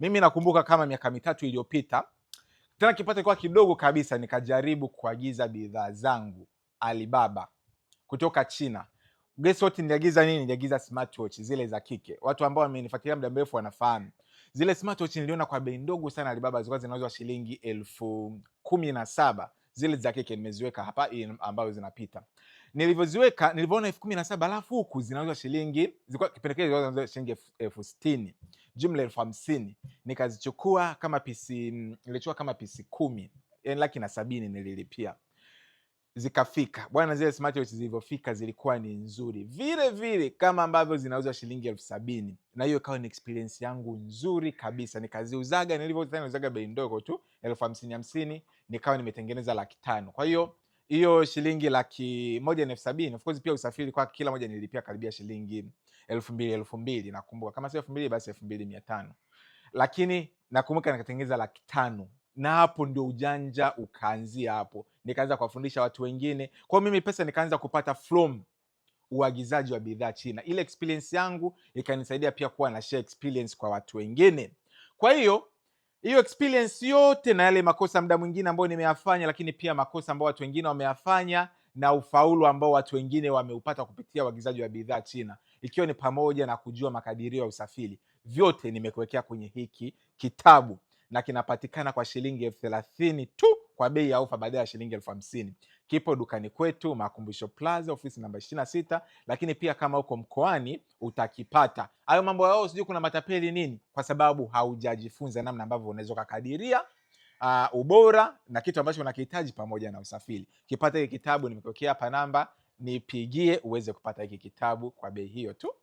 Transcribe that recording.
Mimi nakumbuka kama miaka mitatu iliyopita, tena kipato kwa kidogo kabisa, nikajaribu kuagiza bidhaa zangu Alibaba kutoka China. Guess what, niliagiza nini? Niliagiza smartwatch zile za kike. Watu ambao wamenifuatilia muda mrefu wanafahamu zile smartwatch niliona kwa bei ndogo sana Alibaba, zilikuwa zinauzwa shilingi elfu kumi na saba zile za kike. Nimeziweka hapa ambazo zinapita nilivyoziweka nilivyoona elfu kumi na saba alafu huku zinauzwa shilingi, zilikuwa kipendekezo zinauzwa shilingi elfu sitini jumla elfu hamsini nikazichukua kama pisi, nilichukua kama pisi kumi, yani laki na sabini nililipia zikafika bwana. Zile smartwatch zilivyofika zilikuwa ni nzuri vile vile kama ambavyo zinauzwa shilingi elfu sabini na hiyo ikawa ni experience yangu nzuri kabisa. Nikaziuzaga nilivyouzaga bei ndogo tu elfu hamsini hamsini, nikawa nimetengeneza laki tano. Kwa hiyo hiyo shilingi laki moja na elfu sabini of course pia usafiri kwa kila moja nilipia karibia shilingi elfu mbili elfu mbili nakumbuka kama si elfu mbili basi elfu mbili mia tano lakini nakumbuka nikatengeneza laki tano na hapo ndio ujanja ukaanzia hapo nikaanza kuwafundisha watu wengine kwao mimi pesa nikaanza kupata from uagizaji wa bidhaa china ile experience yangu ikanisaidia pia kuwa na share experience kwa watu wengine kwa hiyo hiyo experience yote na yale makosa muda mwingine ambayo nimeyafanya, lakini pia makosa ambayo watu wengine wameyafanya na ufaulu ambao watu wengine wameupata kupitia uagizaji wa bidhaa China, ikiwa ni pamoja na kujua makadirio ya usafiri, vyote nimekuwekea kwenye hiki kitabu na kinapatikana kwa shilingi elfu thelathini tu kwa bei ya ofa baadaye ya shilingi elfu hamsini. Kipo dukani kwetu Makumbusho Plaza, ofisi namba ishirini na sita, lakini pia kama uko mkoani utakipata. Hayo mambo yao sijui kuna matapeli nini, kwa sababu haujajifunza namna ambavyo unaweza ukakadiria uh, ubora na kitu ambacho unakihitaji pamoja na usafiri. Kipata hiki kitabu, nimekokea hapa namba, nipigie uweze kupata hiki kitabu kwa bei hiyo tu.